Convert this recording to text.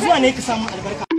zuwa ne ka samu albarka